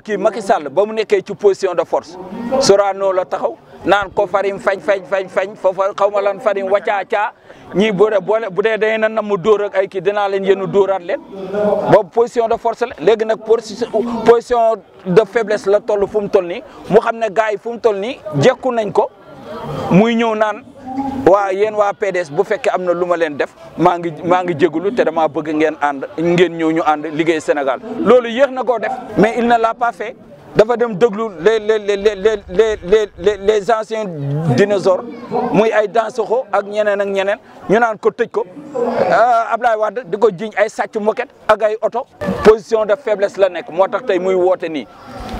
kii Macky Sall ba mu nekkee ci position de force Sorano la taxaw naan ko farim fañ fañ fañ fañ foofa xaw ma lan farim wàccaa caa ñii boole boole bu dee dañu na nam mu dóor ak ay kii danaa leen yéen a dóoraat leen boobu position de force la léegi nag position de faiblesse la toll fu mu toll nii mu xam ne gars yi fu mu toll nii jekku nañ ko. muy ñëw naan waa yéen waa PDS bu fekkee am na lu ma leen def maa ngi maa ngi jégalu te damaa bëgg ngeen ànd ngeen ñëw ñu ànd liggéey Sénégal loolu yéex na koo def mais il ne l'a pas fait dafa dem déglu les les les les les les anciens dinosaures muy ay Dansokho ak ñeneen ak ñeneen ñu naan ko tëj ko euh, Ablaye Wade di ko jiñ ay sàcc moket ak ay oto position de faiblesse la nekk moo tax tey muy woote nii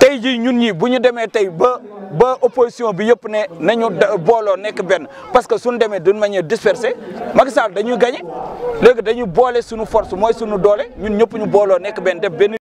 tey jii ñun ñi bu ñu demee tey ba ba opposition bi yëpp ne nañu booloo nekk benn parce que suñu demee d'une mañee dispersée Macky Sall dañuy gagné léegi dañu boole sunu force mooy suñu doole ñun ñëpp ñu booloo nekk benn de benn